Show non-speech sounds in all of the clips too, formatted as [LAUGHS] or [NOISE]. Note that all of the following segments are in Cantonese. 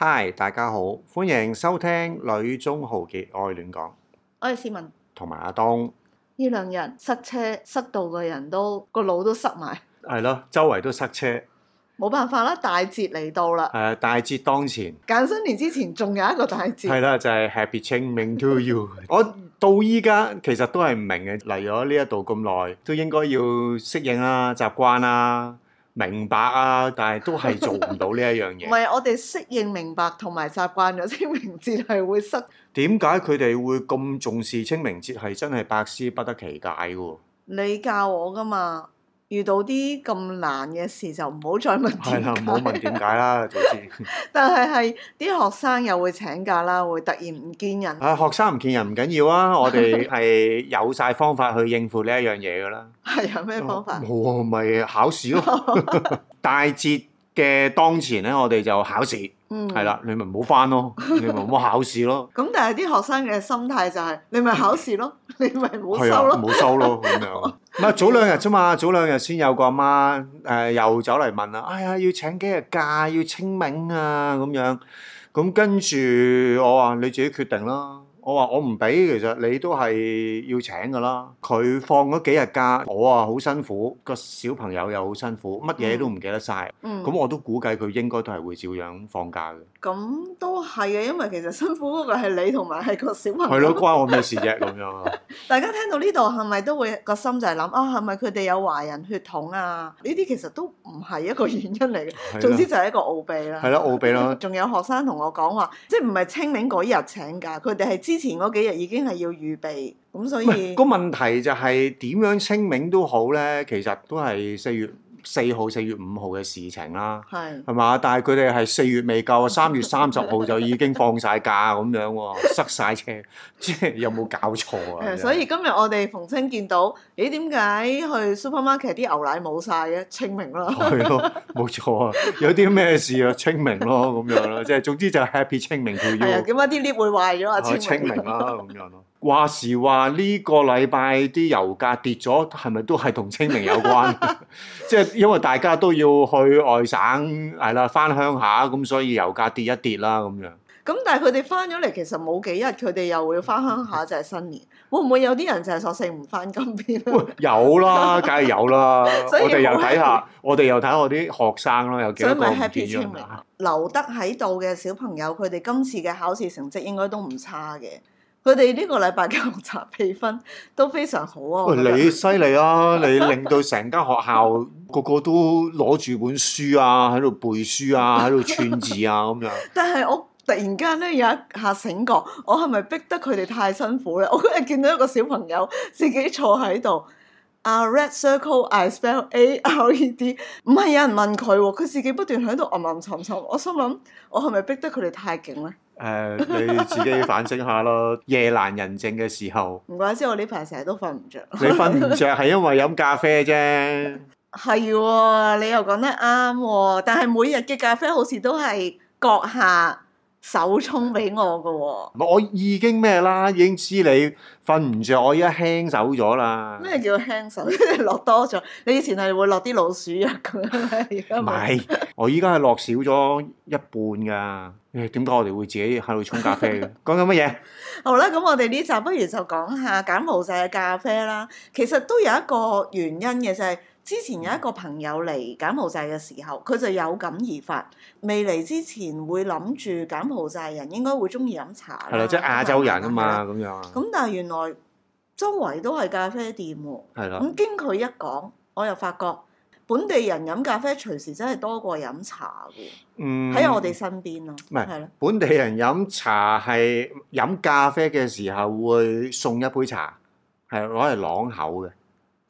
嗨，大家好，歡迎收聽《女中豪傑愛亂講》。我係斯文，同埋阿東。呢兩日塞車塞到個人都個腦都塞埋。係咯，周圍都塞車，冇辦法啦。大節嚟到啦，係啊，大節當前。柬新年之前仲有一個大節，係啦，就係 Happy 清明 to you。我到依家其實都係唔明嘅，嚟咗呢一度咁耐，都應該要適應啦、習慣啦。明白啊，但係都係做唔到呢一樣嘢。唔係 [LAUGHS] 我哋適應明白同埋習慣咗清明節係會失。點解佢哋會咁重視清明節？係真係百思不得其解嘅。你教我㗎嘛？遇到啲咁難嘅事就唔好再問點解，唔好問點解啦，總之，但係係啲學生又會請假啦，會突然唔見人。啊，學生唔見人唔緊要啊，我哋係有晒方法去應付呢一樣嘢噶啦。係啊 [LAUGHS] 咩方法？冇啊，咪、啊就是、考試咯，啊。 [LAUGHS] 大節嘅當前咧，我哋就考試。嗯，係啦，你咪唔好返咯， [LAUGHS] 你咪唔好考試咯。咁 [LAUGHS] 但係啲學生嘅心態就係、是，你咪考試咯，你咪唔好收咯。唔好、 [LAUGHS] 啊、收咯咁樣。唔係 [LAUGHS] 早兩日啫嘛，早兩日先有個阿媽誒，又走嚟問啦，哎呀，要請幾日假，要清明啊咁樣。咁跟住我話你自己決定咯。我話我唔俾，其實你都係要請㗎啦。佢放嗰幾日假，我啊好辛苦，個小朋友又好辛苦，乜嘢都唔記得晒。咁、嗯、我都估計佢應該都係會照樣放假嘅。咁、嗯嗯、都係嘅，因為其實辛苦嗰個係你同埋係個小朋友。係咯， [LAUGHS] 關我咩事啫？咁樣。 [LAUGHS] [LAUGHS] 大家聽到呢度係咪都會個心就係諗啊？係咪佢哋有華人血統啊？呢啲其實都唔係一個原因嚟嘅，的總之就係一個奧秘啦。係咯，奧秘咯。仲 [LAUGHS] 有學生同我講話，即係唔係清明嗰日請假，佢哋係知。之前嗰幾日已經係要預備，咁所以個問題就係點樣清明都好咧，其實都係四月。四號四月五號嘅事情啦，係係嘛？但係佢哋係四月未夠啊，三月三十號就已經放晒假咁 [LAUGHS] 樣喎，塞晒車，即係有冇搞錯啊？是的所以今日我哋逢清見到，咦，點解去 supermarket 啲牛奶冇晒啊？清明咯，係咯，冇 [LAUGHS] 錯啊，有啲咩事啊？清明咯咁樣咯，即係總之就 happy 清明佢要。係，點解啲 lift 會壞咗啊？清明的清明啦咁 [LAUGHS] 樣咯。話時話呢個禮拜啲油價跌咗，係咪都係同清明有關？即係 [LAUGHS] [LAUGHS] 因為大家都要去外省，係啦，翻鄉下咁，所以油價跌一跌啦咁樣。咁但係佢哋翻咗嚟，其實冇幾日，佢哋又會翻鄉下，就係、是、新年。會唔會有啲人就係索性唔翻金邊？ [LAUGHS] [LAUGHS] 有啦，梗係有啦。 [LAUGHS] 所以 我哋又睇下， [LAUGHS] 下，我哋又睇下我啲學生啦，有幾多個所 happy 清明？留得喺度嘅小朋友，佢哋今次嘅考試成績應該都唔差嘅。佢哋呢個禮拜嘅學習氣氛都非常好啊！你犀利啊！你令到成間學校 [LAUGHS] 個個都攞住本書啊，喺度背書啊，喺度串字啊咁樣。 [LAUGHS] 但係我突然間咧有一下醒覺，我係咪逼得佢哋太辛苦咧？我今日見到一個小朋友自己坐喺度，啊 red circle I spell A R E D，唔係有人問佢喎、啊，佢自己不斷喺度吟吟沉沉。我心諗，我係咪逼得佢哋太勁咧？誒，你、 [LAUGHS] uh, 自己反省下咯。 [LAUGHS] 夜闌人靜嘅時候，唔怪之我呢排成日都瞓唔着， [LAUGHS] 你瞓唔着係因為飲咖啡啫。係喎，你又講得啱喎、哦。但係每日嘅咖啡好似都係閣下。手沖俾我嘅喎，我已經咩啦，已經知你瞓唔著，我依家輕手咗啦。咩叫輕手？落多咗，你以前係會落啲老鼠藥嘅。唔係，我依家係落少咗一半㗎。點解我哋會自己喺度沖咖啡嘅？講緊乜嘢？好啦，咁我哋呢集不如就講下柬埔寨嘅咖啡啦。其實都有一個原因嘅，就係。之前有一個朋友嚟柬埔寨嘅時候，佢就有感而發。未嚟之前會諗住柬埔寨人應該會鍾意飲茶，係咯，即係亞洲人啊嘛，咁樣的。咁但係原來周圍都係咖啡店，係咯的。咁經佢一講，我又發覺本地人飲咖啡隨時真係多過飲茶嘅。嗯，喺我哋身邊咯，唔係、嗯，咯的。本地人飲茶係飲咖啡嘅時候會送一杯茶，係攞嚟朗口嘅。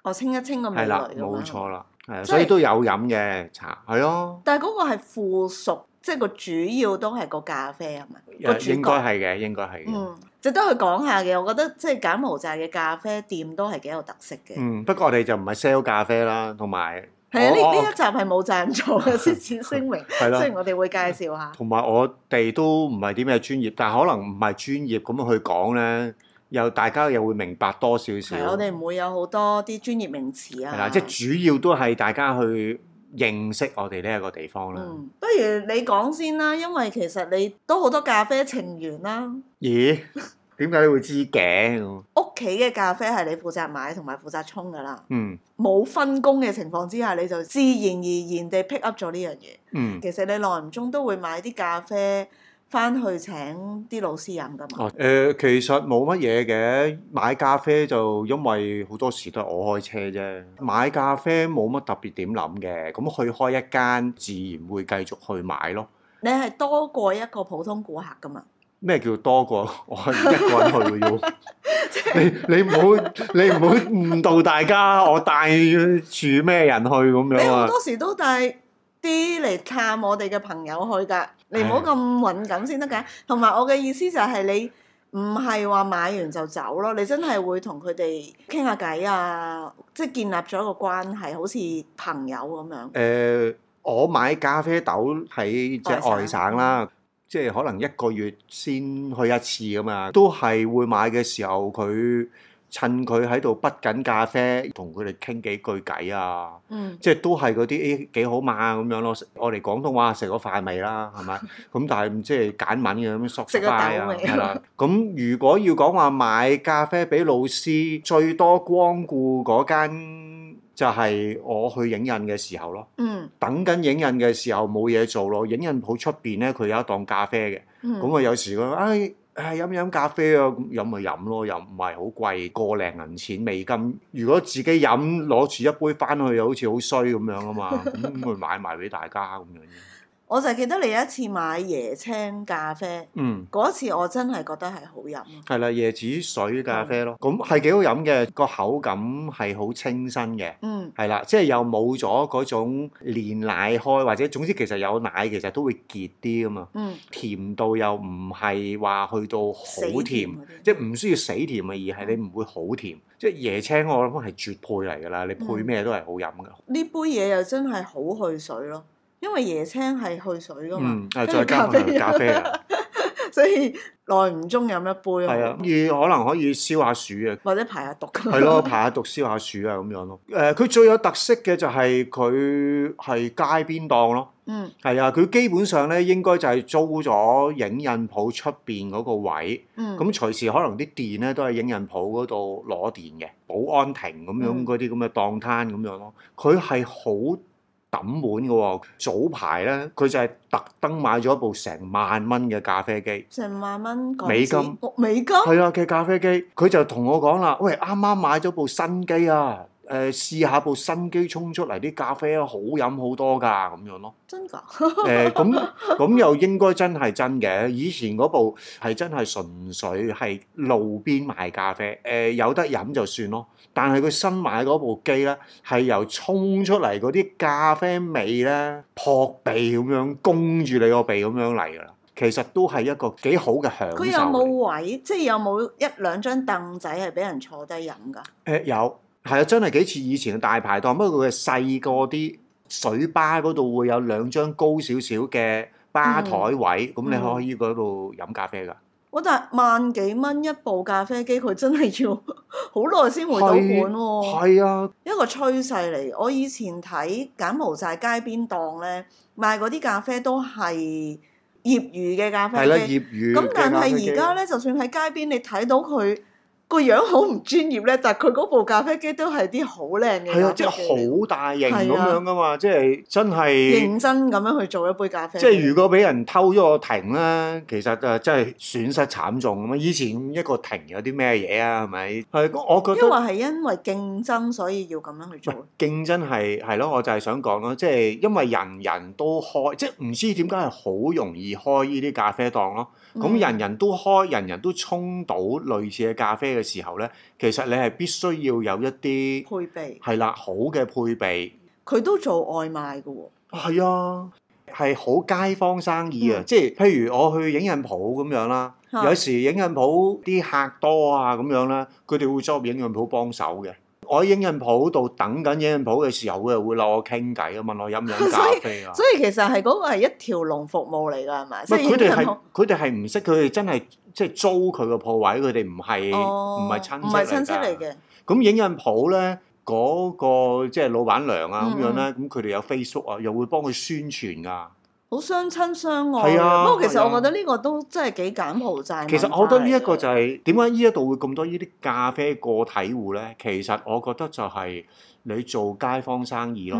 我清一清個味蕾咁樣咯。係啦，冇錯啦，係，所以都有飲嘅茶，係咯。但係嗰個係附屬，即係個主要都係個咖啡，係咪？應該係嘅，應該係嘅。嗯，值得去講下嘅。我覺得即係柬埔寨嘅咖啡店都係幾有特色嘅。嗯，不過我哋就唔係 sell 咖啡啦，同埋係啊，呢呢一集係冇贊助嘅，先此聲明。係咯。雖然我哋會介紹下。同埋我哋都唔係啲咩專業，但係可能唔係專業咁去講咧。又大家又會明白多少少。係，我哋唔會有好多啲專業名詞啊。係啦，即係主要都係大家去認識我哋呢一個地方啦，嗯。不如你講先啦，因為其實你都好多咖啡情緣啦，啊。咦？點解你會知嘅？屋企嘅咖啡係你負責買同埋負責沖㗎啦。嗯。冇分工嘅情況之下，你就自然而然地 pick up 咗呢樣嘢。嗯。其實你耐唔中都會買啲咖啡。翻去請啲老師飲噶嘛？誒，其實冇乜嘢嘅，買咖啡就因為好多時都係我開車啫。買咖啡冇乜特別點諗嘅，咁去開一間，自然會繼續去買咯。你係多過一個普通顧客噶嘛？咩叫多過？我一個人去嘅要，你你唔好你唔好誤導大家。我帶住咩人去咁樣啊？好多時都帶啲嚟探我哋嘅朋友去㗎。你唔好咁敏感先得㗎，同埋我嘅意思就係你唔係話買完就走咯，你真係會同佢哋傾下偈啊，即係建立咗個關係，好似朋友咁樣。誒、呃，我買咖啡豆喺即係外省啦，省即係可能一個月先去一次咁啊，都係會買嘅時候佢。趁佢喺度不緊咖啡，同佢哋傾幾句偈啊，嗯、即係都係嗰啲誒幾好嘛咁樣咯。我哋廣東話食咗飯未啦，係咪？咁但係唔知係簡文嘅咁縮曬啊。係啦。咁如果要講話買咖啡俾老師，最多光顧嗰間就係我去影印嘅時候咯。嗯。等緊影印嘅時候冇嘢做咯，影印鋪出邊咧佢有一檔咖啡嘅。咁我、嗯、有時覺得唉。哎係飲飲咖啡啊，飲咪飲咯，又唔係好貴，個零銀錢美金。如果自己飲，攞住一杯返去，又好似好衰咁樣啊嘛，咁、嗯、去、嗯嗯嗯、買埋俾大家咁樣。我就記得你有一次買椰青咖啡，嗯，嗰次我真係覺得係好飲啊。係啦，椰子水咖啡咯，咁係幾好飲嘅，個口感係好清新嘅，嗯，係啦，即係又冇咗嗰種煉奶開或者總之其實有奶其實都會結啲啊嘛，嗯，甜度又唔係話去到好甜，甜即係唔需要死甜啊，而係你唔會好甜，即係椰青我諗係絕配嚟㗎啦，你配咩都係好飲㗎。呢、嗯嗯、杯嘢又真係好去水咯。因為椰青係去水噶嘛，係再加埋咖啡啊，所以耐唔中飲一杯，係啊可能可以消下暑啊，或者排下毒，係咯，排下毒消下暑啊咁樣咯。誒，佢最有特色嘅就係佢係街邊檔咯，嗯，係啊，佢基本上咧應該就係租咗影印鋪出邊嗰個位，嗯，咁隨時可能啲電咧都係影印鋪嗰度攞電嘅，保安亭咁樣嗰啲咁嘅檔攤咁樣咯，佢係好。揼滿嘅喎。哦，早排呢，佢就係特登買咗一部成萬蚊嘅咖啡機，成萬蚊、那個、美金，哦、美金係啊嘅咖啡機，佢就同我講啦，喂，啱啱買咗部新機啊！誒，試下一部新機沖出嚟啲咖啡好飲好多噶，咁樣咯。真㗎的？誒咁咁又應該真係真嘅。以前嗰部係真係純粹係路邊賣咖啡，誒、呃、有得飲就算咯。但係佢新買嗰部機咧，係由沖出嚟嗰啲咖啡味咧，撲鼻咁樣攻住你個鼻咁樣嚟㗎啦。其實都係一個幾好嘅享受。佢有冇位？即係有冇一兩張凳仔係俾人坐低飲㗎？誒、呃、有。係啊，嗯嗯、真係幾似以前嘅大排檔，不過佢嘅細個啲水吧嗰度會有兩張高少少嘅吧台位，咁、嗯、你可以喺嗰度飲咖啡㗎。我、嗯嗯嗯、但係萬幾蚊一部咖啡機，佢真係要好耐先回到本喎。係啊，啊一個趨勢嚟。我以前睇柬埔寨街邊檔咧，賣嗰啲咖啡都係業餘嘅咖啡。係啦、啊，業餘。咁但係而家咧，就算喺街邊你，你睇到佢。個樣好唔專業咧，但係佢嗰部咖啡機都係啲好靚嘅，係啊，即係好大型咁樣噶嘛，啊、即係真係認真咁樣去做一杯咖啡。即係如果俾人偷咗個停啦，其實就真係損失慘重咁啊！以前一個停有啲咩嘢啊？係咪？係，我覺得因為係因為競爭，所以要咁樣去做。競爭係係咯，我就係想講咯，即係因為人人都開，即係唔知點解係好容易開呢啲咖啡檔咯。咁、嗯、人人都開，人人都沖到類似嘅咖啡。嘅時候咧，其實你係必須要有一啲配備，係啦，好嘅配備。佢都做外賣㗎喎、哦，係啊，係好街坊生意啊，嗯、即係譬如我去影印鋪咁樣啦，的有時影印鋪啲客多啊咁樣啦，佢哋會做影印鋪幫手嘅。我喺影印鋪度等緊影印鋪嘅時候，佢會攞我傾偈啊，問我飲唔飲咖啡啊。 [LAUGHS] 所以其實係嗰、那個係一條龍服務嚟㗎，係咪？佢哋係佢哋係唔識，佢哋真係即係租佢個鋪位，佢哋唔係唔係親唔係親戚嚟嘅。咁影印鋪咧，嗰、那個即係、就是、老闆娘啊咁、嗯、樣咧，咁佢哋有 Facebook 啊，又會幫佢宣傳㗎。好相親相愛，啊、不過其實我覺得呢個都真係幾柬埔寨。其實我覺得呢一個就係點解呢一度會咁多呢啲咖啡個體戶咧？其實我覺得就係你做街坊生意咯，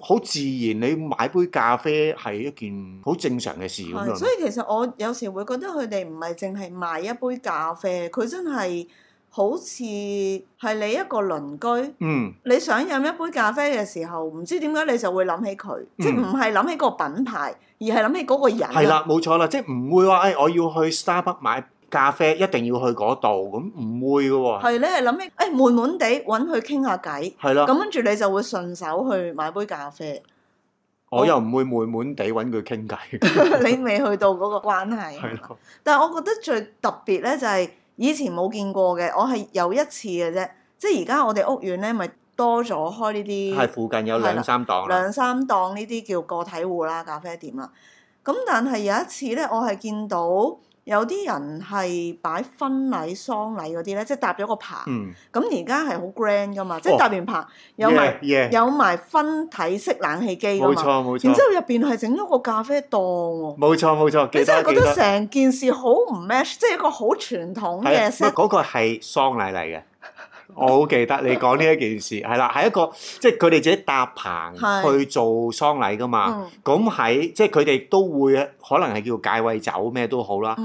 好、嗯、自然你買杯咖啡係一件好正常嘅事咁樣。所以其實我有時會覺得佢哋唔係淨係賣一杯咖啡，佢真係。好似係你一個鄰居，你想飲一杯咖啡嘅時候，唔知點解你就會諗起佢，即係唔係諗起個品牌，而係諗起嗰個人。係啦，冇錯啦，即係唔會話，誒我要去 Starbucks 買咖啡，一定要去嗰度，咁唔會嘅喎。係咧，係諗起，誒悶悶地揾佢傾下偈，係啦。咁跟住你就會順手去買杯咖啡。我又唔會悶悶地揾佢傾偈。你未去到嗰個關係，但係我覺得最特別咧就係。以前冇見過嘅，我係有一次嘅啫，即係而家我哋屋苑咧咪多咗開呢啲，係附近有兩三檔啦，兩三檔呢啲叫個體戶啦，咖啡店啦，咁但係有一次咧，我係見到。有啲人係擺婚禮、喪禮嗰啲咧，即係搭咗個棚。嗯。咁而家係好 grand 㗎嘛，即係、哦、搭完棚，有埋 yeah, yeah. 有埋分體式冷氣機㗎嘛。冇錯冇錯。錯然之後入邊係整咗個咖啡檔喎。冇錯冇錯。錯你真係覺得成件事好唔 match，即係一個好傳統嘅色。唔係，嗰個係喪禮嚟嘅。 [LAUGHS] 我好記得你講呢一件事，係啦，係一個即係佢哋自己搭棚去做喪禮噶嘛。咁喺、嗯、即係佢哋都會可能係叫解穢酒咩都好啦。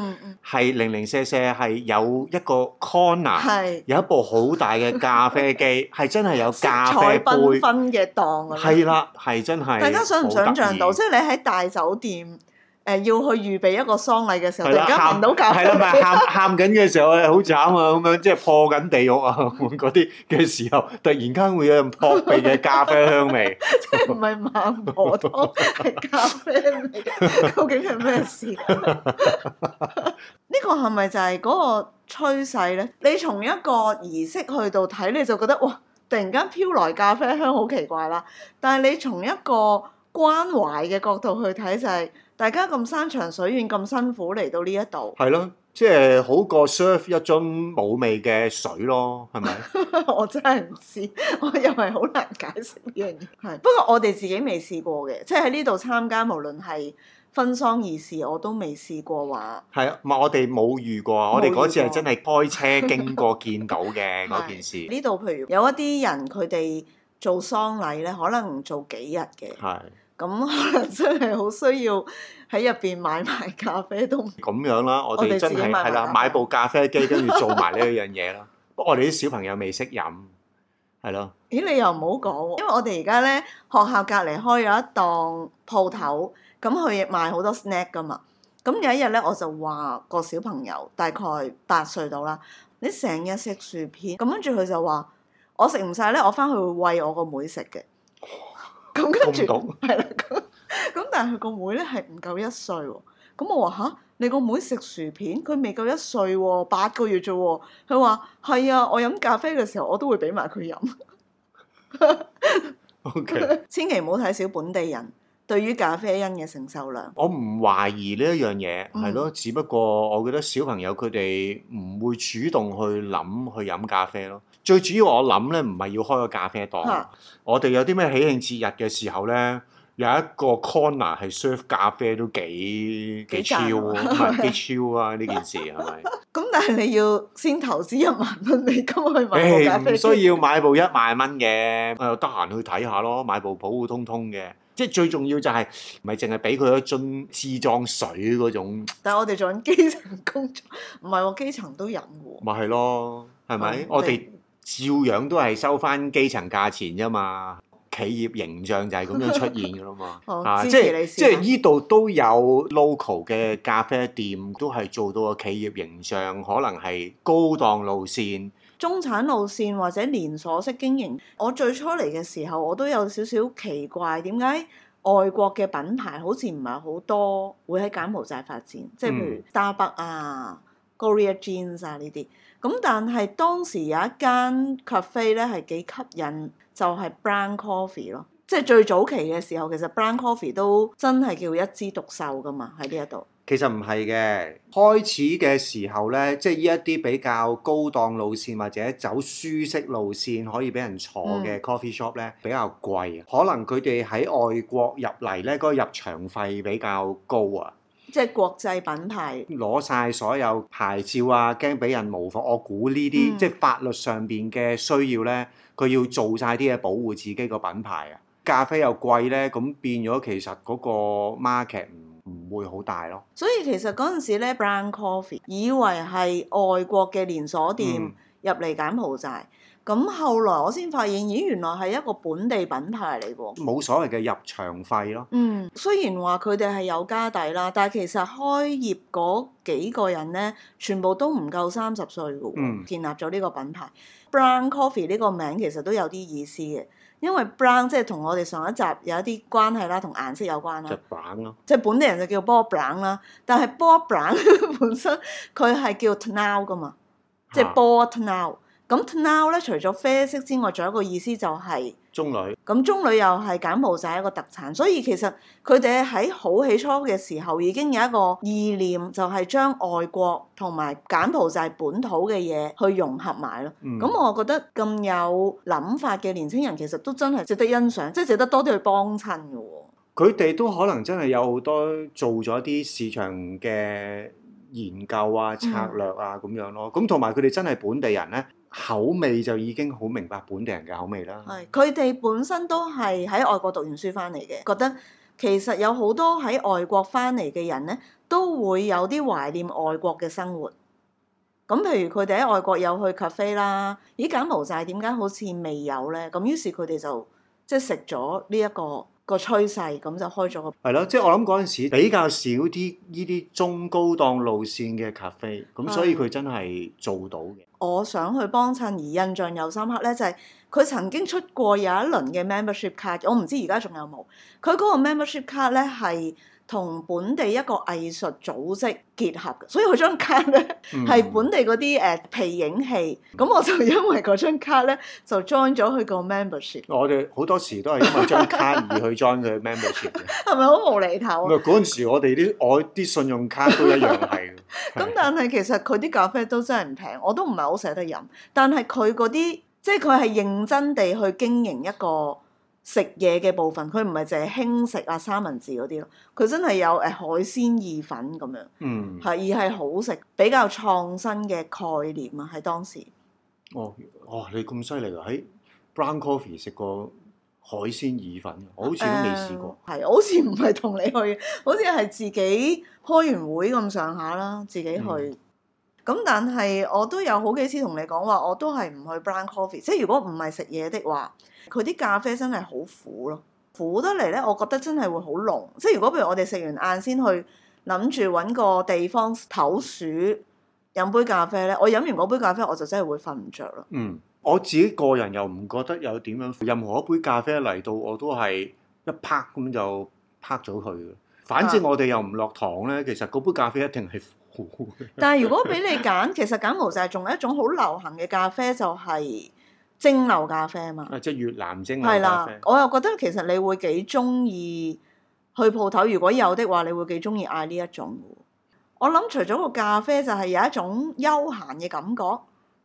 係、嗯、零零舍舍係有一個 corner，是有一部好大嘅咖啡機，係 [LAUGHS] 真係有咖啡杯色彩繽紛嘅檔㗎啦。係啦，係真係。大家想唔想像到？即係你喺大酒店。誒，要去預備一個喪禮嘅時候，的突然間聞到咖啡，係啦，咪喊喊緊嘅時候，好慘啊！咁樣即係破緊地獄啊！嗰啲嘅時候，突然間會有陣撲鼻嘅咖啡香味， [LAUGHS] 即係唔係孟婆湯 [LAUGHS] 係咖啡味？ [LAUGHS] 究竟係咩事？呢 [LAUGHS] 個係咪就係嗰個趨勢咧？你從一個儀式去到睇，你就覺得哇！突然間飄來咖啡香，好奇怪啦！但係你從一個關懷嘅角度去睇就係大家咁山長水遠咁辛苦嚟到呢一度，係咯，即係好過 serve 一樽冇味嘅水咯，係咪 [LAUGHS] 我真係唔知，我又係好難解釋呢樣嘢。係 [LAUGHS] 不過我哋自己未試過嘅，即係喺呢度參加無論係婚喪儀事我都未試過話。係啊，唔係我哋冇遇過，遇過我哋嗰次係真係開車經過見到嘅嗰件事。呢度 [LAUGHS] 譬如有一啲人佢哋做喪禮咧，可能做幾日嘅。係。咁可能真係好需要喺入邊買埋咖啡都咁樣啦，我哋真係係啦，買部咖啡機跟住做埋呢一樣嘢啦。 [LAUGHS] 不過我哋啲小朋友未識飲，係咯。咦？你又唔好講喎，因為我哋而家咧學校隔離開有一檔鋪頭，咁佢賣好多 snack 噶嘛。咁有一日咧，我就話個小朋友大概八歲到啦，你成日食薯片，咁跟住佢就話我食唔晒咧，我翻去會餵我個妹食嘅。咁跟住，係啦，咁咁 [LAUGHS] 但係佢個妹咧係唔夠一歲喎，咁我話吓，你個妹食薯片，佢未夠一歲喎，八個月啫喎，佢話係啊，我飲咖啡嘅時候我都會俾埋佢飲。 [LAUGHS] O Okay . K， [LAUGHS] 千祈唔好睇小本地人對於咖啡因嘅承受量。我唔懷疑呢一樣嘢，係咯，嗯、只不過我覺得小朋友佢哋唔會主動去諗去飲咖啡咯。最主要我諗咧，唔係要開個咖啡檔。我哋有啲咩喜慶節日嘅時候咧，有一個 corner 係 serve 咖啡都幾幾超啊，幾超啊！呢件事係咪？咁但係你要先投資一萬蚊，你咁去買咖啡？唔需要買部一萬蚊嘅，我又得閒去睇下咯，買部普普通通嘅。即係最重要就係，咪淨係俾佢一樽支裝水嗰種。但係我哋做緊基層工作，唔係喎，基層都飲嘅。咪係咯，係咪？我哋。照樣都係收翻基層價錢啫嘛，企業形象就係咁樣出現噶啦嘛， [LAUGHS] 啊，即係即係依度都有 local 嘅咖啡店，都係做到個企業形象，可能係高檔路線、中產路線或者連鎖式經營。我最初嚟嘅時候，我都有少少奇怪，點解外國嘅品牌好似唔係好多會喺柬埔寨發展？即係譬如沙北啊。Gloria Jeans 啊呢啲，咁但係當時有一間 cafe 咧係幾吸引，就係、是、Brown Coffee 咯。即係最早期嘅時候，其實 Brown Coffee 都真係叫一枝獨秀㗎嘛喺呢一度。其實唔係嘅，開始嘅時候咧，即係呢一啲比較高檔路線或者走舒適路線可以俾人坐嘅 coffee shop 咧比較貴，可能佢哋喺外國入嚟咧，嗰、那個入場費比較高啊。即係國際品牌攞晒所有牌照啊，驚俾人模仿。我估呢啲即係法律上邊嘅需要呢，佢要做晒啲嘢保護自己個品牌啊。咖啡又貴呢，咁變咗其實嗰個 market 唔唔會好大咯。所以其實嗰陣時呢，Brown Coffee 以為係外國嘅連鎖店入嚟柬埔寨。咁後來我先發現，咦，原來係一個本地品牌嚟㗎喎！冇所謂嘅入場費咯。嗯，雖然話佢哋係有家底啦，但係其實開業嗰幾個人咧，全部都唔夠三十歲喎。嗯，建立咗呢個品牌，brown coffee 呢個名其實都有啲意思嘅，因為 brown 即係同我哋上一集有一啲關係啦，同顏色有關啦。即係、啊、本地人就叫 ball brown 啦，但係 ball brown [LAUGHS] 本身佢係叫 now 㗎嘛，即係 ball now。咁 now 咧，除咗啡色之外，仲有一個意思就係棕櫚。咁棕櫚又係柬埔寨一個特產，所以其實佢哋喺好起初嘅時候已經有一個意念，就係、是、將外國同埋柬埔寨本土嘅嘢去融合埋咯。咁、嗯、我覺得咁有諗法嘅年輕人，其實都真係值得欣賞，即、就、係、是、值得多啲去幫襯嘅喎。佢哋都可能真係有好多做咗啲市場嘅研究啊、策略啊咁、嗯、樣咯。咁同埋佢哋真係本地人咧。口味就已經好明白本地人嘅口味啦。係，佢哋本身都係喺外國讀完書翻嚟嘅，覺得其實有好多喺外國翻嚟嘅人咧，都會有啲懷念外國嘅生活。咁譬如佢哋喺外國有去咖啡啦，咦，柬埔寨點解好似未有咧？咁於是佢哋就即係食咗呢一個、這個趨勢，咁就開咗個係咯。即係、就是、我諗嗰陣時比較少啲呢啲中高檔路線嘅咖啡，咁所以佢真係做到嘅。我想去幫襯，而印象又深刻咧，就係、是、佢曾經出過有一輪嘅 membership card，我唔知而家仲有冇。佢嗰個 membership card 咧係，同本地一個藝術組織結合嘅，所以佢張卡咧係本地嗰啲誒皮影戲，咁、嗯、我就因為嗰張卡咧就 join 咗佢個 membership。我哋好多時都係因為張卡而去 join 佢 membership 嘅，係咪好無厘頭？啊！係嗰陣時我，我哋啲我啲信用卡都一樣係。咁 [LAUGHS] 的但係其實佢啲咖啡都真係唔平，我都唔係好捨得飲。但係佢嗰啲即係佢係認真地去經營一個。食嘢嘅部分，佢唔係淨係輕食啊三文治嗰啲咯，佢真係有誒海鮮意粉咁樣，係、嗯、而係好食比較創新嘅概念啊喺當時。哦，哇、哦！你咁犀利啊，喺 Brown Coffee 食過海鮮意粉，我好似都未試過。係、嗯，我好似唔係同你去，好似係自己開完會咁上下啦，自己去。嗯咁但係我都有好幾次同你講話，我都係唔去 Brown Coffee，即係如果唔係食嘢的話，佢啲咖啡真係好苦咯，苦得嚟呢，我覺得真係會好濃。即係如果譬如我哋食完晏先去，諗住揾個地方唞暑，飲杯咖啡呢。我飲完嗰杯咖啡我就真係會瞓唔着咯。嗯，我自己個人又唔覺得有點樣，任何一杯咖啡嚟到我都係一拍咁就拍咗佢。反正我哋又唔落糖呢。其實嗰杯咖啡一定係。 [LAUGHS] 但係如果俾你揀，其實柬埔寨，仲有一種好流行嘅咖啡就係、是、蒸餾咖啡嘛。啊、即係越南蒸咖啡。係啦，我又覺得其實你會幾中意去鋪頭，如果有的話，你會幾中意嗌呢一種。我諗除咗個咖啡，就係有一種休閒嘅感覺。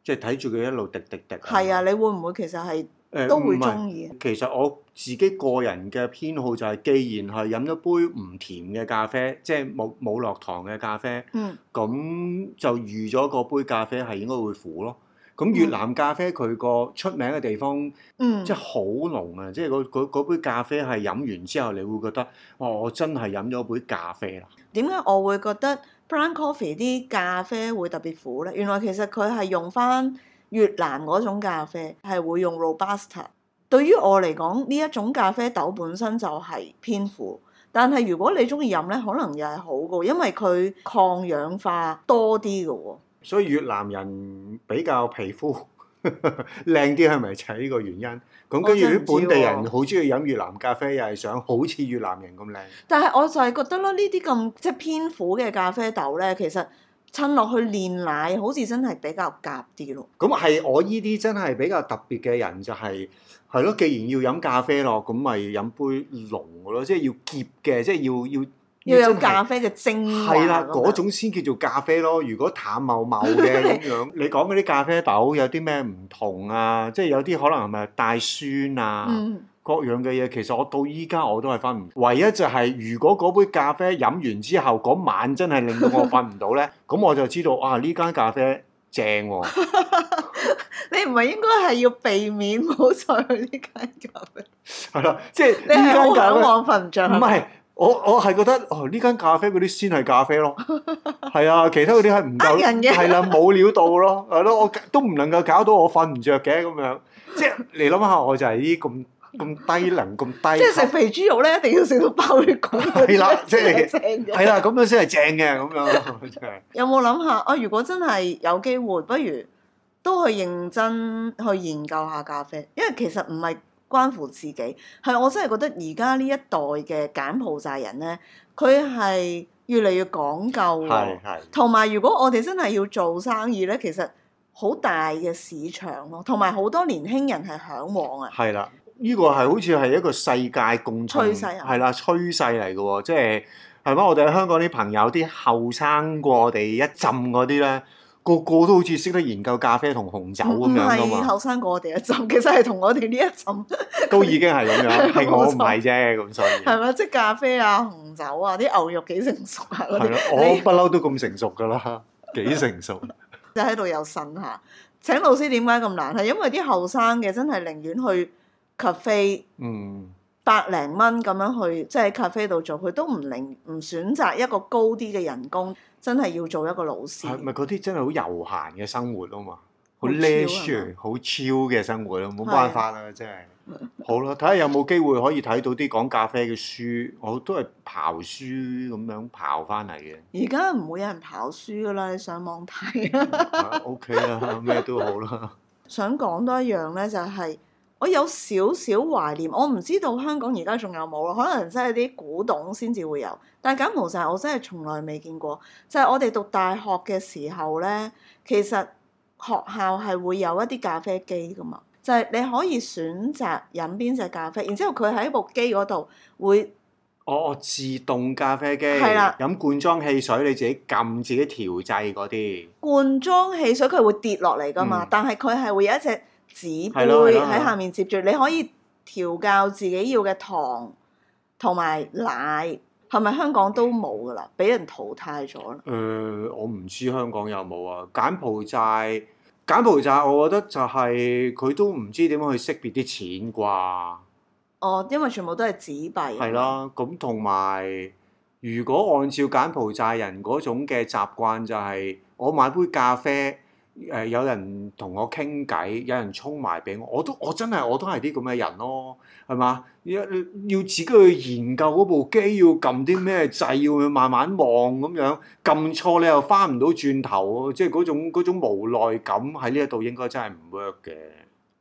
即係睇住佢一路滴滴滴。係的啊，你會唔會其實係？呃、都會鍾意。其實我自己個人嘅偏好就係、是，既然係飲咗杯唔甜嘅咖啡，即係冇冇落糖嘅咖啡，咁、嗯、就預咗個杯咖啡係應該會苦咯。咁越南咖啡佢個出名嘅地方，嗯，即係好濃啊！即係嗰杯咖啡係飲完之後，你會覺得哇、哦！我真係飲咗杯咖啡啦。點解我會覺得 brown coffee 啲咖啡會特別苦呢？原來其實佢係用翻。越南嗰種咖啡係會用 robusta。對於我嚟講，呢一種咖啡豆本身就係偏苦。但係如果你中意飲呢，可能又係好嘅，因為佢抗氧化多啲㗎喎。所以越南人比較皮膚靚啲，係咪就係呢個原因？咁跟住本地人好中意飲越南咖啡，又係想好似越南人咁靚。但係我就係覺得咧，呢啲咁即係偏苦嘅咖啡豆呢，其實。趁落去煉奶，好似真係比較夾啲咯。咁係、嗯、我依啲真係比較特別嘅人、就係，就係係咯。既然要飲咖啡咯，咁咪飲杯濃嘅咯，即、就、係、係、要澀嘅，即、就、係、係、要要要有咖啡嘅精華。係啦，嗰種先叫做咖啡咯。如果淡茂茂嘅咁 [LAUGHS] 樣，你講嗰啲咖啡豆有啲咩唔同啊？即係有啲可能係咪帶酸啊？嗯各樣嘅嘢，其實我到依家我都係瞓唔。唯一就係如果嗰杯咖啡飲完之後嗰、那個、晚真係令到我瞓唔到咧，咁我就知道，啊呢間咖啡正喎、啊。 [LAUGHS] 你唔係應該係要避免冇再去呢間咖啡。係啦，即係呢間咖啡。瞓唔著。唔係嗎，我我係覺得哦呢、啊、間咖啡嗰啲先係咖啡咯。係 [LAUGHS] 啊，其他嗰啲係唔夠。 [LAUGHS] 人嘅係啦，冇料到咯，係 [LAUGHS] 咯、啊，我都唔能夠搞到我瞓唔着嘅咁樣。即、就、係、是、你諗下，我就係呢咁。咁低能咁低，即係食肥豬肉咧，一定要食到爆血管。係啦 [LAUGHS] 了，即係係啦，咁樣先係正嘅咁樣。 [LAUGHS] 樣有冇諗下啊？如果真係有機會，不如都去認真去研究下咖啡，因為其實唔係關乎自己，係我真係覺得而家呢一代嘅柬埔寨人咧，佢係越嚟越講究喎，係 [LAUGHS] 的，同埋如果我哋真係要做生意咧，其實好大嘅市場咯，同埋好多年輕人係向往啊，係啦 [LAUGHS] 是的。呢個係好似係一個世界共進，係啦趨勢嚟嘅喎，即係係嘛？我哋喺香港啲朋友，啲後生過我哋一浸嗰啲咧，個個都好似識得研究咖啡同紅酒咁樣啊嘛！後生過我哋一浸，其實係同我哋呢一浸，都已經係咁樣。係我唔係啫，咁所以係嘛？即係咖啡啊、紅酒啊、啲牛肉幾成熟啊？係咯，我不嬲都咁成熟噶啦，幾成熟？即喺度有呻下。請老師點解咁難？係因為啲後生嘅真係寧願去。咖啡，Cafe，嗯，百零蚊咁樣去，即係喺咖啡度做，佢都唔寧唔選擇一個高啲嘅人工，真係要做一個老師。係咪嗰啲真係好，好悠閒嘅生活啊嘛、啊？好 lifestyle，好超嘅生活咯，冇辦法啦，真係。好啦，睇下有冇機會可以睇到啲講咖啡嘅書，我都係刨書咁樣刨翻嚟嘅。而家唔會有人刨書噶啦，你上網睇 [LAUGHS] [LAUGHS] okay，啊。O K 啦，咩都好啦。 [LAUGHS] 想講多一樣咧，就係、是。我有少少懷念，我唔知道香港而家仲有冇咯？可能真係啲古董先至會有，但係柬埔寨，我真係從來未見過。就係、是、我哋讀大學嘅時候呢，其實學校係會有一啲咖啡機噶嘛。就係、是、你可以選擇飲邊隻咖啡，然之後佢喺部機嗰度會。哦，自動咖啡機，係啦，飲罐裝汽水，你自己撳，自己調製嗰啲。罐裝汽水佢會跌落嚟噶嘛？嗯、但係佢係會有一隻。紙杯喺下面接住，你可以調校自己要嘅糖同埋奶，係咪香港都冇噶啦？俾人淘汰咗啦？誒、呃，我唔知香港有冇啊！柬埔寨，柬埔寨，我覺得就係、是、佢都唔知點樣去識別啲錢啩。哦，因為全部都係紙幣。係咯，咁同埋如果按照柬埔寨人嗰種嘅習慣、就是，就係我買杯咖啡。誒有人同我傾偈，有人沖埋俾我，我都我真係我都係啲咁嘅人咯，係嘛？要要自己去研究部機，要撳啲咩掣，要慢慢望咁樣，撳錯，你又翻唔到轉頭，即係嗰種嗰種無奈感喺呢一度應該真係唔 work 嘅。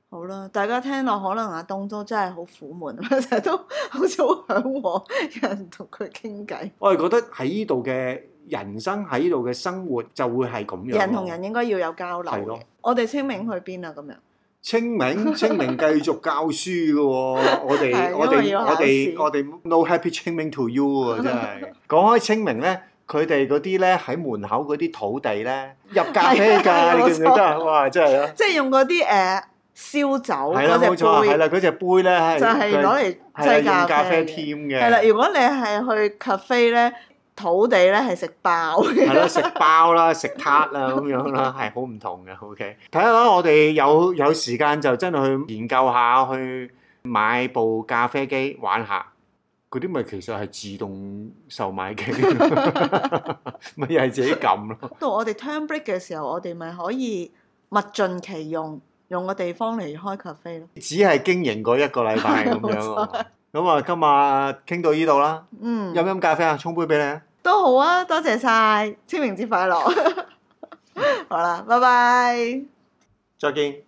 好啦，大家聽落，可能阿東都真係好苦悶，成 [LAUGHS] 日都好似好想有人同佢傾偈。我係覺得喺呢度嘅。人生喺度嘅生活就會係咁樣。人同人應該要有交流嘅。我哋清明去邊啊？咁樣。清明清明繼續教書嘅喎，我哋我哋我哋我哋 no happy 清明 to you 啊！真係。講開清明咧，佢哋嗰啲咧喺門口嗰啲土地咧，入咖啡㗎，你記唔記得？哇！真係啊。即係用嗰啲誒燒酒，係啦冇錯，係啦嗰隻杯咧，就係攞嚟擠咖啡添嘅。係啦，如果你係去 cafe 咧。土地咧係食包嘅，係咯 [LAUGHS] 食包啦食撻啦咁樣啦，係好唔同嘅。OK，睇下啦，我哋有有時間就真係去研究下，去買部咖啡機玩下，嗰啲咪其實係自動售賣機，咪又係自己撳咯。到我哋 turn break 嘅時候，我哋咪可以物盡其用，用個地方嚟開咖啡咯。只係經營過一個禮拜咁樣，咁啊 [LAUGHS] 醜，今日傾到依度啦。嗯，飲飲咖啡啊，沖杯俾你。都好啊，多謝晒。清明節快樂， [LAUGHS] 好啦，拜拜 [LAUGHS] bye，再見。